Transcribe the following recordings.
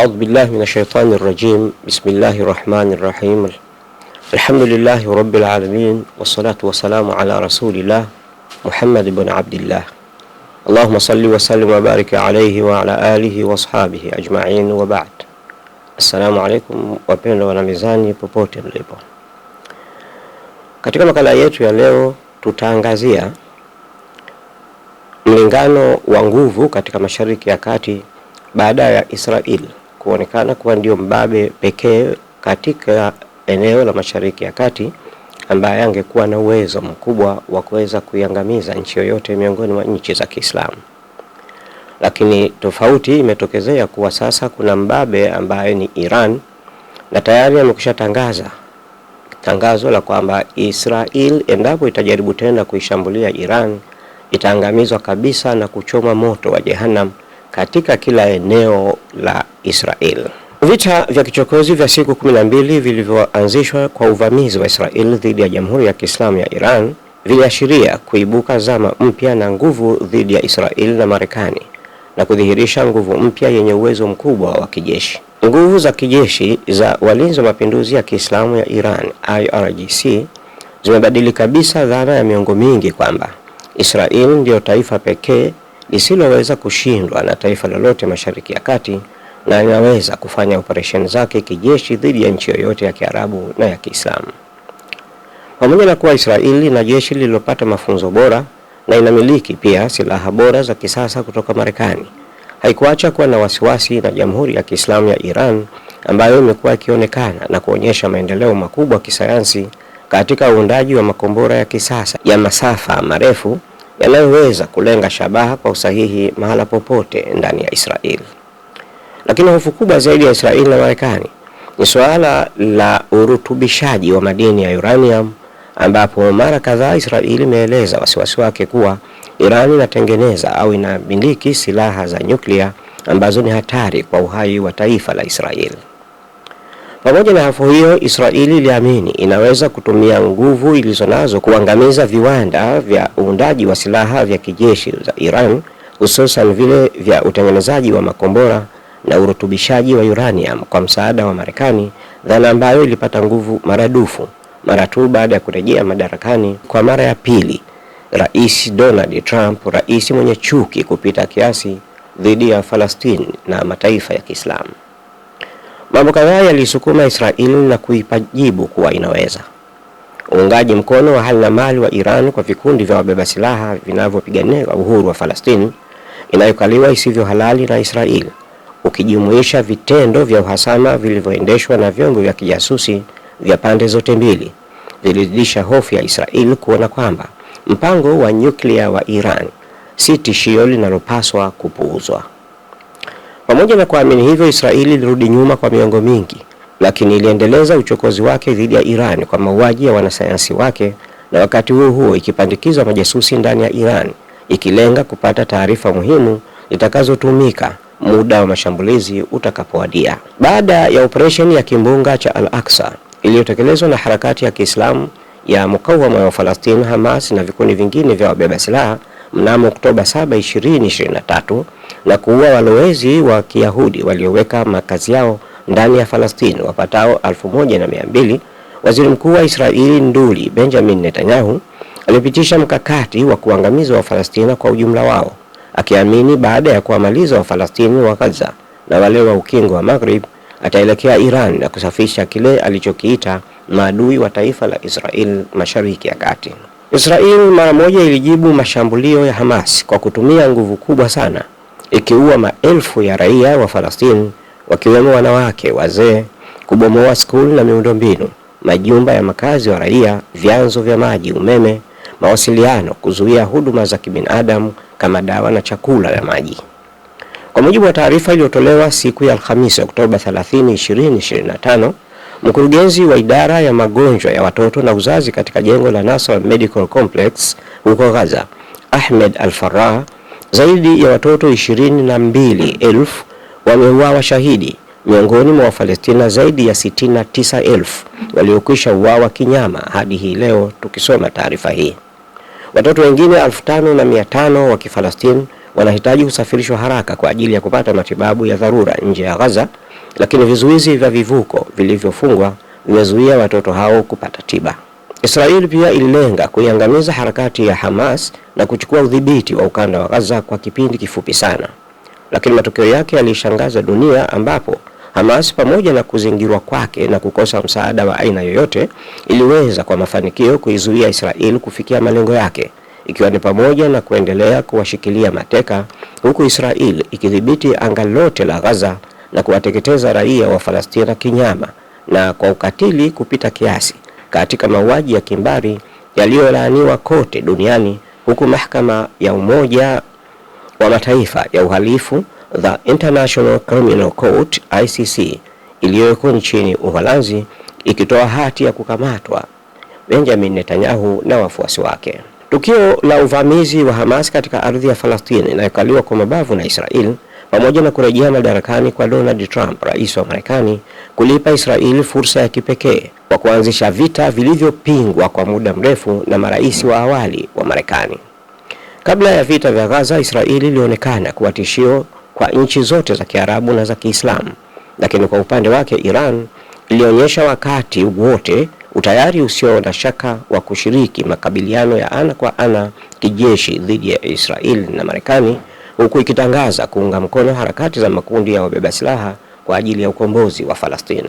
أعوذ بالله من الشيطان الرجيم بسم الله الرحمن الرحيم الحمد لله رب العالمين والصلاة والسلام على رسول الله محمد بن عبد الله اللهم صل وسلم وبارك عليه وعلى آله وصحابه أجمعين وبعد السلام عليكم wapendwa wanamizani popote mlipo katika makala yetu ya leo تتانغازيا mlingano wa nguvu katika Mashariki ya Kati baada ya Israeli kuonekana kuwa ndio mbabe pekee katika eneo la Mashariki ya Kati ambaye angekuwa na uwezo mkubwa wa kuweza kuiangamiza nchi yoyote miongoni mwa nchi za Kiislamu. Lakini tofauti imetokezea kuwa sasa kuna mbabe ambaye ni Iran na tayari amekusha tangaza tangazo la kwamba Israel endapo itajaribu tena kuishambulia Iran itaangamizwa kabisa na kuchoma moto wa Jehannam katika kila eneo la Israel. Vita vya kichokozi vya siku 12 vilivyoanzishwa kwa uvamizi wa Israel dhidi ya Jamhuri ya Kiislamu ya Iran viliashiria kuibuka zama mpya na nguvu dhidi ya Israel na Marekani na kudhihirisha nguvu mpya yenye uwezo mkubwa wa kijeshi. Nguvu za kijeshi za walinzi wa mapinduzi ya Kiislamu ya Iran IRGC zimebadili kabisa dhana ya miongo mingi kwamba Israel ndiyo taifa pekee isiloweza kushindwa na taifa lolote Mashariki ya Kati na inaweza kufanya operesheni zake kijeshi dhidi ya nchi yoyote ya Kiarabu na ya Kiislamu. Pamoja na kuwa Israeli na jeshi lililopata mafunzo bora na inamiliki pia silaha bora za kisasa kutoka Marekani, haikuacha kuwa na wasiwasi na Jamhuri ya Kiislamu ya Iran ambayo imekuwa ikionekana na kuonyesha maendeleo makubwa kisayansi katika uundaji wa makombora ya kisasa ya masafa marefu yanayoweza kulenga shabaha kwa usahihi mahala popote ndani ya Israeli. Lakini hofu kubwa zaidi ya Israeli na Marekani ni suala la urutubishaji wa madini ya uranium, ambapo mara kadhaa Israeli imeeleza wasiwasi wake kuwa Iran inatengeneza au inamiliki silaha za nyuklia ambazo ni hatari kwa uhai wa taifa la Israeli. Pamoja na hofu hiyo, Israeli iliamini inaweza kutumia nguvu ilizonazo kuangamiza viwanda vya uundaji wa silaha vya kijeshi za Iran, hususan vile vya utengenezaji wa makombora na urutubishaji wa uranium kwa msaada wa Marekani, dhana ambayo ilipata nguvu maradufu mara tu baada ya kurejea madarakani kwa mara ya pili Rais Donald Trump, rais mwenye chuki kupita kiasi dhidi ya Falastini na mataifa ya Kiislamu. Mambo kadhaa yalisukuma Israeli na kuipa jibu kuwa inaweza. Uungaji mkono wa hali na mali wa Iran kwa vikundi vya wabeba silaha vinavyopigania uhuru wa Falastini inayokaliwa isivyo halali na Israel, ukijumuisha vitendo vya uhasama vilivyoendeshwa na vyombo vya kijasusi vya pande zote mbili, vilizidisha hofu ya Israel kuona kwamba mpango wa nyuklia wa Iran si tishio linalopaswa kupuuzwa. Pamoja na kuamini hivyo, Israeli ilirudi nyuma kwa miongo mingi, lakini iliendeleza uchokozi wake dhidi ya Iran kwa mauaji ya wanasayansi wake, na wakati huo huo ikipandikizwa majasusi ndani ya Iran, ikilenga kupata taarifa muhimu zitakazotumika muda wa mashambulizi utakapowadia. Baada ya operesheni ya kimbunga cha Al-Aqsa iliyotekelezwa na harakati ya Kiislamu ya mukawama wa Falastini Hamas na vikundi vingine vya wabeba silaha mnamo Oktoba 7, 2023 na kuua walowezi wa Kiyahudi walioweka makazi yao ndani ya Falastini wapatao 1200. Waziri Mkuu wa Israeli nduli Benjamin Netanyahu alipitisha mkakati wa kuangamiza Wafalastina kwa ujumla wao, akiamini baada ya kuwamaliza Wafalastini wa Gaza na wale wa ukingo wa Maghrib ataelekea Iran na kusafisha kile alichokiita maadui wa taifa la Israel Mashariki ya Kati. Israel mara moja ilijibu mashambulio ya Hamas kwa kutumia nguvu kubwa sana, ikiua maelfu ya raia wa Falastini wakiwemo wanawake, wazee, kubomoa skuli na miundombinu, majumba ya makazi wa raia, vyanzo vya maji, umeme, mawasiliano, kuzuia huduma za kibinadamu kama dawa na chakula na maji. Kwa mujibu wa taarifa iliyotolewa siku ya Alhamisi Oktoba 30, 2025 Mkurugenzi wa idara ya magonjwa ya watoto na uzazi katika jengo la Nasser Medical Complex huko Gaza, Ahmed Al-Farah, zaidi ya watoto ishirini na mbili elfu wameuawa shahidi miongoni mwa Wafalestina zaidi ya sitini na tisa elfu waliokwisha uawa kinyama hadi hii leo tukisoma taarifa hii. Watoto wengine elfu tano na mia tano wa Kifalastini wanahitaji kusafirishwa haraka kwa ajili ya kupata matibabu ya dharura nje ya Gaza lakini vizuizi vya vivuko vilivyofungwa vimezuia watoto hao kupata tiba. Israeli pia ililenga kuiangamiza harakati ya Hamas na kuchukua udhibiti wa ukanda wa Gaza kwa kipindi kifupi sana, lakini matokeo yake yalishangaza dunia, ambapo Hamas pamoja na kuzingirwa kwake na kukosa msaada wa aina yoyote, iliweza kwa mafanikio kuizuia Israeli kufikia malengo yake, ikiwa ni pamoja na kuendelea kuwashikilia mateka, huku Israeli ikidhibiti anga lote la Gaza na kuwateketeza raia wa Palestina kinyama na kwa ukatili kupita kiasi katika mauaji ya kimbari yaliyolaaniwa kote duniani huku mahakama ya Umoja wa Mataifa ya uhalifu the International Criminal Court ICC iliyoko nchini Uholanzi ikitoa hati ya kukamatwa Benjamin Netanyahu na wafuasi wake. Tukio la uvamizi wa Hamas katika ardhi ya Palestina inayokaliwa kwa mabavu na Israel pamoja na kurejea madarakani kwa Donald Trump, rais wa Marekani, kulipa Israeli fursa ya kipekee kwa kuanzisha vita vilivyopingwa kwa muda mrefu na marais wa awali wa Marekani. Kabla ya vita vya Gaza, Israeli ilionekana kuwa tishio kwa nchi zote za Kiarabu na za Kiislamu, lakini kwa upande wake Iran ilionyesha wakati wote utayari usio na shaka wa kushiriki makabiliano ya ana kwa ana kijeshi dhidi ya Israeli na Marekani huku ikitangaza kuunga mkono harakati za makundi ya wabeba silaha kwa ajili ya ukombozi wa Palestina.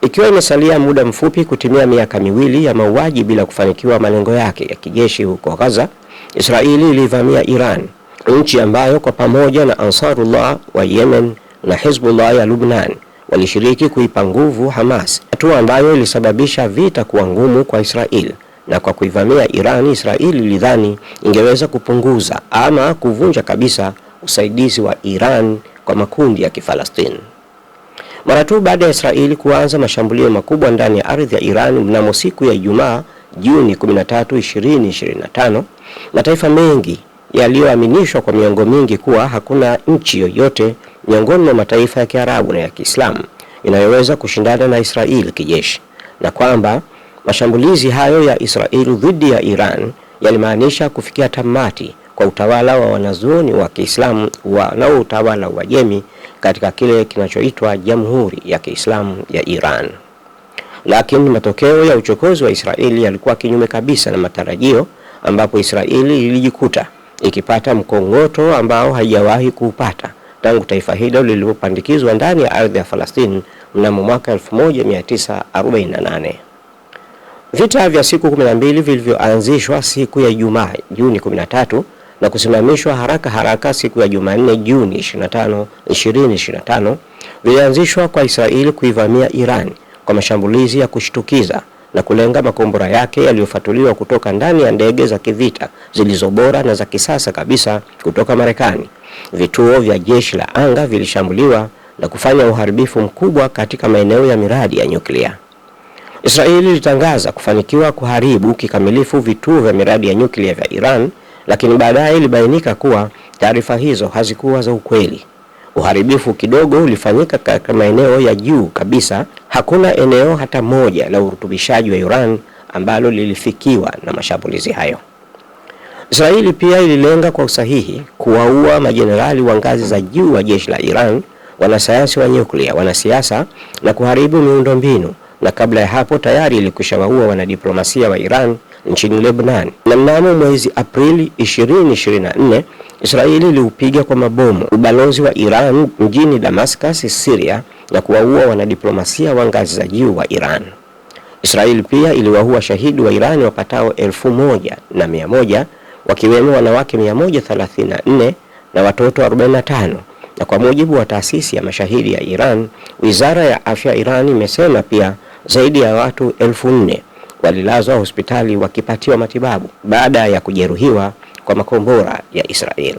Ikiwa imesalia muda mfupi kutimia miaka miwili ya mauaji bila kufanikiwa malengo yake ya kijeshi huko Gaza, Israeli ilivamia Iran, nchi ambayo kwa pamoja na Ansarullah wa Yemen na Hezbollah ya Lubnan walishiriki kuipa nguvu Hamas, hatua ambayo ilisababisha vita kuwa ngumu kwa Israeli na kwa kuivamia Iran, Israeli ilidhani ingeweza kupunguza ama kuvunja kabisa usaidizi wa Iran kwa makundi ya Kifalastini. Mara tu baada ya Israeli kuanza mashambulio makubwa ndani ya ardhi ya Iran mnamo siku ya Ijumaa Juni 13, 2025, mataifa mengi yaliyoaminishwa kwa miongo mingi kuwa hakuna nchi yoyote miongoni mwa mataifa ya Kiarabu na ya Kiislamu inayoweza kushindana na Israeli kijeshi na kwamba Mashambulizi hayo ya Israeli dhidi ya Iran yalimaanisha kufikia tamati kwa utawala wa wanazuoni wa Kiislamu wa Jemi katika kile kinachoitwa Jamhuri ya Kiislamu ya Iran. Lakini matokeo ya uchokozi wa Israeli yalikuwa kinyume kabisa na matarajio, ambapo Israeli ilijikuta ikipata mkong'oto ambao haijawahi kuupata tangu taifa hilo lilipopandikizwa ndani ya ardhi ya Falastini mnamo mwaka 1948. Vita vya siku 12 vilivyoanzishwa siku ya Ijumaa Juni 13 na kusimamishwa haraka haraka siku ya Jumanne Juni 25, 2025 vilianzishwa kwa Israeli kuivamia Iran kwa mashambulizi ya kushtukiza na kulenga makombora yake yaliyofatuliwa kutoka ndani ya ndege za kivita zilizobora na za kisasa kabisa kutoka Marekani. Vituo vya jeshi la anga vilishambuliwa na kufanya uharibifu mkubwa katika maeneo ya miradi ya nyuklia. Israeli ilitangaza kufanikiwa kuharibu kikamilifu vituo vya miradi ya nyuklia vya Iran, lakini baadaye ilibainika kuwa taarifa hizo hazikuwa za ukweli. Uharibifu kidogo ulifanyika katika maeneo ya juu kabisa. Hakuna eneo hata moja la urutubishaji wa Iran ambalo lilifikiwa na mashambulizi hayo. Israeli pia ililenga kwa usahihi kuwaua majenerali wa ngazi za juu wa jeshi la Iran, wanasayansi wa nyuklia, wanasiasa na kuharibu miundombinu na kabla ya hapo tayari waua wanadiplomasia wa Iran nchini Lebanon. Na mnamo mwezi Aprili 2024 Israeli iliupiga kwa mabomu ubalozi wa Iran mjini Damascus, Syria na kuwaua wanadiplomasia wa ngazi za juu wa Iran. Israeli pia iliwaua shahidi wa Irani wapatao elfu moja na mia moja wakiwemo wanawake 134 na watoto 45 na kwa mujibu wa taasisi ya mashahidi ya Iran, wizara ya afya Iran imesema pia zaidi ya watu elfu nne walilazwa hospitali wakipatiwa matibabu baada ya kujeruhiwa kwa makombora ya Israel.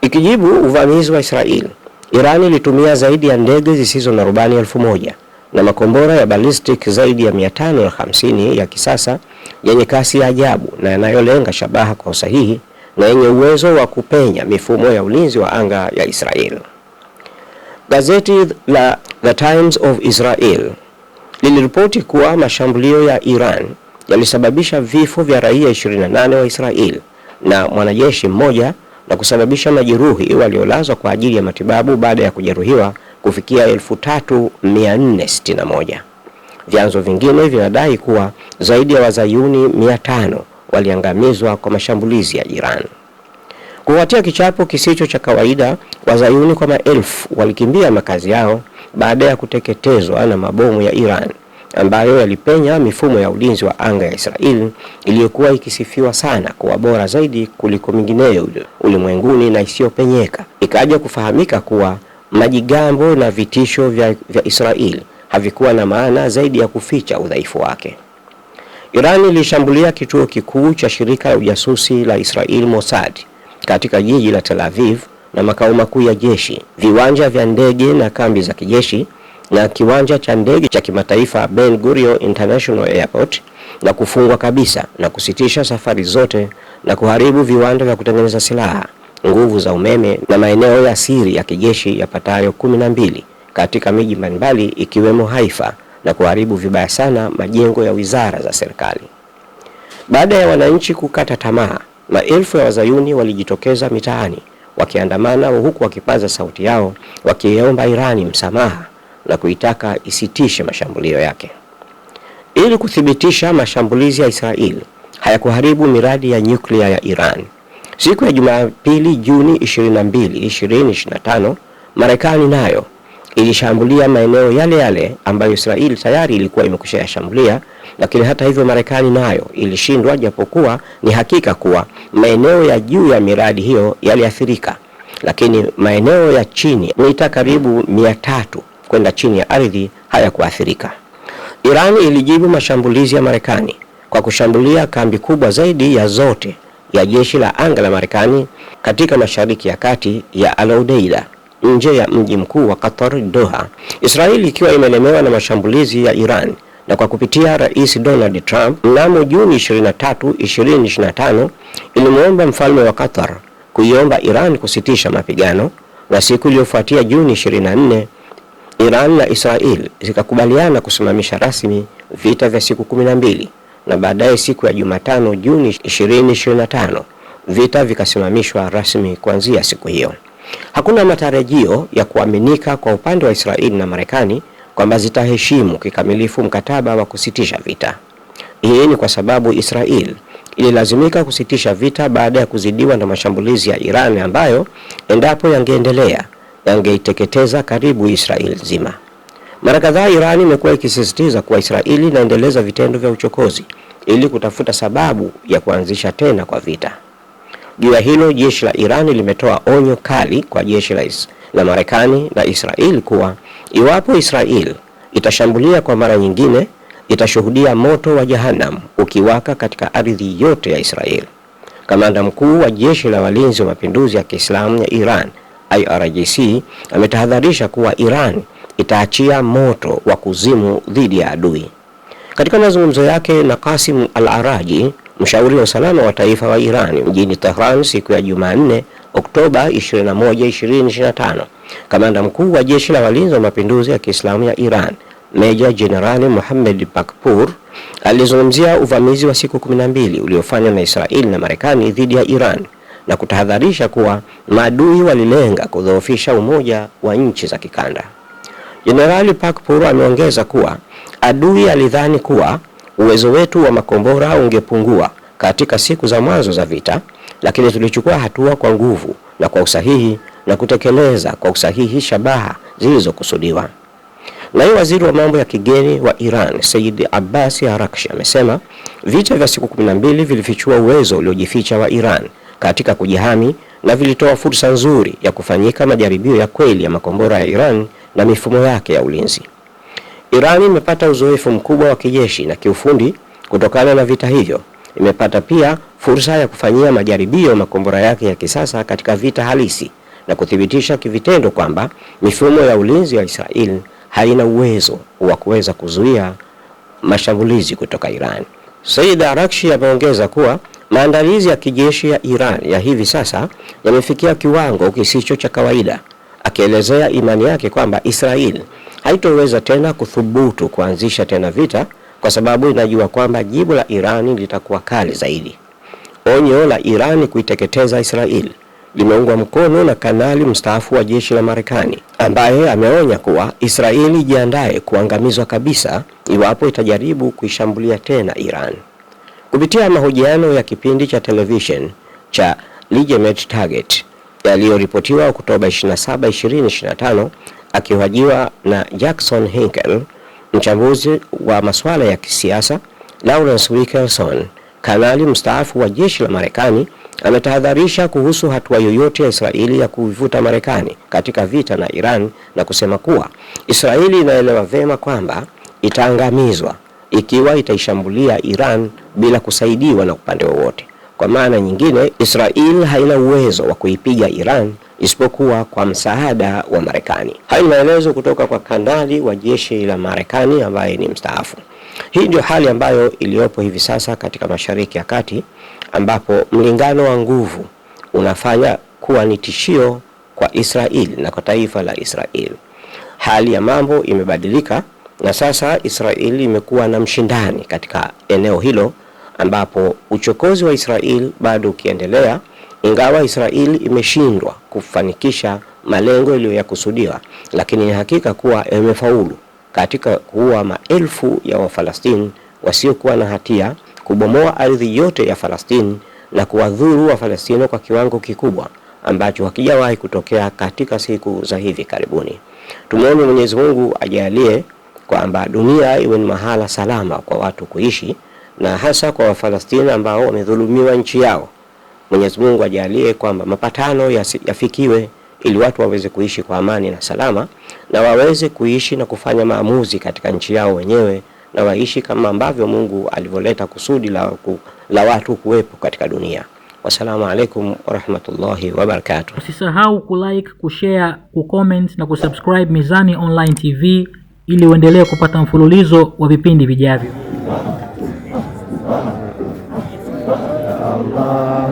Ikijibu uvamizi wa Israel, Iran ilitumia zaidi ya ndege zisizo na rubani elfu moja na makombora ya ballistic zaidi ya 550 ya kisasa yenye kasi ya ajabu na yanayolenga shabaha kwa usahihi na yenye uwezo wa kupenya mifumo ya ulinzi wa anga ya Israel. Gazeti la The Times of Israel liliripoti kuwa mashambulio ya Iran yalisababisha vifo vya raia 28 wa Israel na mwanajeshi mmoja na kusababisha majeruhi waliolazwa kwa ajili ya matibabu baada ya kujeruhiwa kufikia 3461. Vyanzo vingine vinadai kuwa zaidi ya wazayuni 500 waliangamizwa kwa mashambulizi ya Iran. Kufuatia kichapo kisicho cha kawaida, wazayuni kwa maelfu walikimbia makazi yao baada ya kuteketezwa na mabomu ya Iran ambayo yalipenya mifumo ya ulinzi wa anga ya Israel iliyokuwa ikisifiwa sana kuwa bora zaidi kuliko mingineyo ulimwenguni na isiyopenyeka. Ikaja kufahamika kuwa majigambo na vitisho vya, vya Israel havikuwa na maana zaidi ya kuficha udhaifu wake. Iran ilishambulia kituo kikuu cha shirika la ujasusi la Israel Mossad katika jiji la Tel Aviv na makao makuu ya jeshi, viwanja vya ndege na kambi za kijeshi na kiwanja cha ndege cha kimataifa Ben Gurion International Airport na kufungwa kabisa na kusitisha safari zote na kuharibu viwanda vya kutengeneza silaha, nguvu za umeme na maeneo ya siri ya kijeshi yapatayo kumi na mbili katika miji mbalimbali ikiwemo Haifa na kuharibu vibaya sana majengo ya wizara za serikali. Baada ya wananchi kukata tamaa, maelfu ya wazayuni walijitokeza mitaani wakiandamana huku wakipaza sauti yao wakiiomba Irani msamaha na kuitaka isitishe mashambulio yake ili kuthibitisha mashambulizi ya Israeli hayakuharibu miradi ya nyuklia ya Iran. Siku ya Jumapili Juni 22, 2025, Marekani nayo ilishambulia maeneo yale yale ambayo Israeli tayari ilikuwa imekwisha yashambulia, lakini hata hivyo Marekani nayo ilishindwa, japokuwa ni hakika kuwa maeneo ya juu ya miradi hiyo yaliathirika, lakini maeneo ya chini mita karibu mia tatu kwenda chini ya ardhi hayakuathirika. Iran ilijibu mashambulizi ya Marekani kwa kushambulia kambi kubwa zaidi ya zote ya jeshi la anga la Marekani katika Mashariki ya Kati ya Al-Udeida nje ya mji mkuu wa Qatar, Doha. Israeli ikiwa imelemewa na mashambulizi ya Iran na kwa kupitia Rais Donald Trump mnamo Juni 23, 2025 ilimwomba mfalme wa Qatar kuiomba Iran kusitisha mapigano, na siku iliyofuatia Juni 24, Iran na Israel zikakubaliana kusimamisha rasmi vita vya siku 12, na baadaye siku ya Jumatano Juni 2025 vita vikasimamishwa rasmi kuanzia siku hiyo. Hakuna matarajio ya kuaminika kwa upande wa Israeli na Marekani kwamba zitaheshimu kikamilifu mkataba wa kusitisha vita. Hii ni kwa sababu Israel ililazimika kusitisha vita baada ya kuzidiwa na mashambulizi ya Iran ambayo endapo yangeendelea yangeiteketeza karibu Israel nzima. Mara kadhaa Iran imekuwa ikisisitiza kuwa Israeli inaendeleza vitendo vya uchokozi ili kutafuta sababu ya kuanzisha tena kwa vita. Juu ya hilo jeshi la Irani limetoa onyo kali kwa jeshi la, la Marekani na Israeli kuwa iwapo Israeli itashambulia kwa mara nyingine itashuhudia moto wa jahannam ukiwaka katika ardhi yote ya Israeli. Kamanda mkuu wa jeshi la walinzi wa mapinduzi ya Kiislamu ya Iran IRGC ametahadharisha kuwa Iran itaachia moto wa kuzimu dhidi ya adui. Katika mazungumzo yake na Qasim Al-Araji, Mshauri wa usalama wa taifa wa Iran mjini Tehran siku ya Jumanne Oktoba 21, 2025, kamanda mkuu wa jeshi la walinzi wa mapinduzi ya Kiislamu ya Iran Meja Jenerali Mohammed Bakpour alizungumzia uvamizi wa siku 12 uliofanywa na Israeli na Marekani dhidi ya Iran na kutahadharisha kuwa maadui walilenga kudhoofisha umoja wa nchi za kikanda. Jenerali Bakpour ameongeza kuwa adui alidhani kuwa uwezo wetu wa makombora ungepungua katika siku za mwanzo za vita, lakini tulichukua hatua kwa nguvu na kwa usahihi na kutekeleza kwa usahihi shabaha zilizokusudiwa. Naye waziri wa mambo ya kigeni wa Iran Said Abbasi Arakshi amesema vita vya siku 12 vilifichua uwezo uliojificha wa Iran katika kujihami na vilitoa fursa nzuri ya kufanyika majaribio ya kweli ya makombora ya Iran na mifumo yake ya ulinzi. Iran imepata uzoefu mkubwa wa kijeshi na kiufundi kutokana na vita hivyo. Imepata pia fursa ya kufanyia majaribio makombora yake ya kisasa katika vita halisi na kuthibitisha kivitendo kwamba mifumo ya ulinzi ya Israel haina uwezo wa kuweza kuzuia mashambulizi kutoka Iran. Said Arakshi ameongeza kuwa maandalizi ya kijeshi ya Iran ya hivi sasa yamefikia kiwango kisicho cha kawaida, akielezea imani yake kwamba Israel haitoweza tena kuthubutu kuanzisha tena vita kwa sababu inajua kwamba jibu la Irani litakuwa kali zaidi. Onyo la Irani kuiteketeza Israeli limeungwa mkono na kanali mstaafu wa jeshi la Marekani ambaye ameonya kuwa Israeli ijiandaye kuangamizwa kabisa iwapo itajaribu kuishambulia tena Iran. Kupitia mahojiano ya kipindi cha television cha Legitimate Target yaliyoripotiwa Oktoba 27, 2025, akihojiwa na Jackson hinkel mchambuzi wa masuala ya kisiasa, Lawrence Wilkerson, kanali mstaafu wa jeshi la Marekani, ametahadharisha kuhusu hatua yoyote ya Israeli ya kuivuta Marekani katika vita na Iran na kusema kuwa Israeli inaelewa vema kwamba itaangamizwa ikiwa itaishambulia Iran bila kusaidiwa na upande wowote. Kwa maana nyingine, Israel haina uwezo wa kuipiga Iran isipokuwa kwa msaada wa Marekani. Hayo ni maelezo kutoka kwa kanali wa jeshi la Marekani ambaye ni mstaafu. Hii ndio hali ambayo iliyopo hivi sasa katika Mashariki ya Kati ambapo mlingano wa nguvu unafanya kuwa ni tishio kwa Israel na kwa taifa la Israel. Hali ya mambo imebadilika na sasa Israel imekuwa na mshindani katika eneo hilo ambapo uchokozi wa Israel bado ukiendelea, ingawa Israel imeshindwa kufanikisha malengo iliyoyakusudiwa, lakini ni hakika kuwa imefaulu katika kuua maelfu ya Wafalastini wasiokuwa na hatia, kubomoa ardhi yote ya Falastini na kuwadhuru Wafalastini kwa kiwango kikubwa ambacho hakijawahi kutokea katika siku za hivi karibuni. Tumwombe Mwenyezi Mungu ajalie kwamba dunia iwe ni mahala salama kwa watu kuishi na hasa kwa wafalastini ambao wamedhulumiwa nchi yao. Mwenyezi Mungu ajalie kwamba mapatano yafikiwe ili watu waweze kuishi kwa amani na salama na waweze kuishi na kufanya maamuzi katika nchi yao wenyewe na waishi kama ambavyo Mungu alivyoleta kusudi la, ku, la watu kuwepo katika dunia. Wassalamu alaikum warahmatullahi wabarakatuh. Usisahau kulike, kushare, kucomment na kusubscribe Mizani Online TV ili uendelee kupata mfululizo wa vipindi vijavyo. Amém.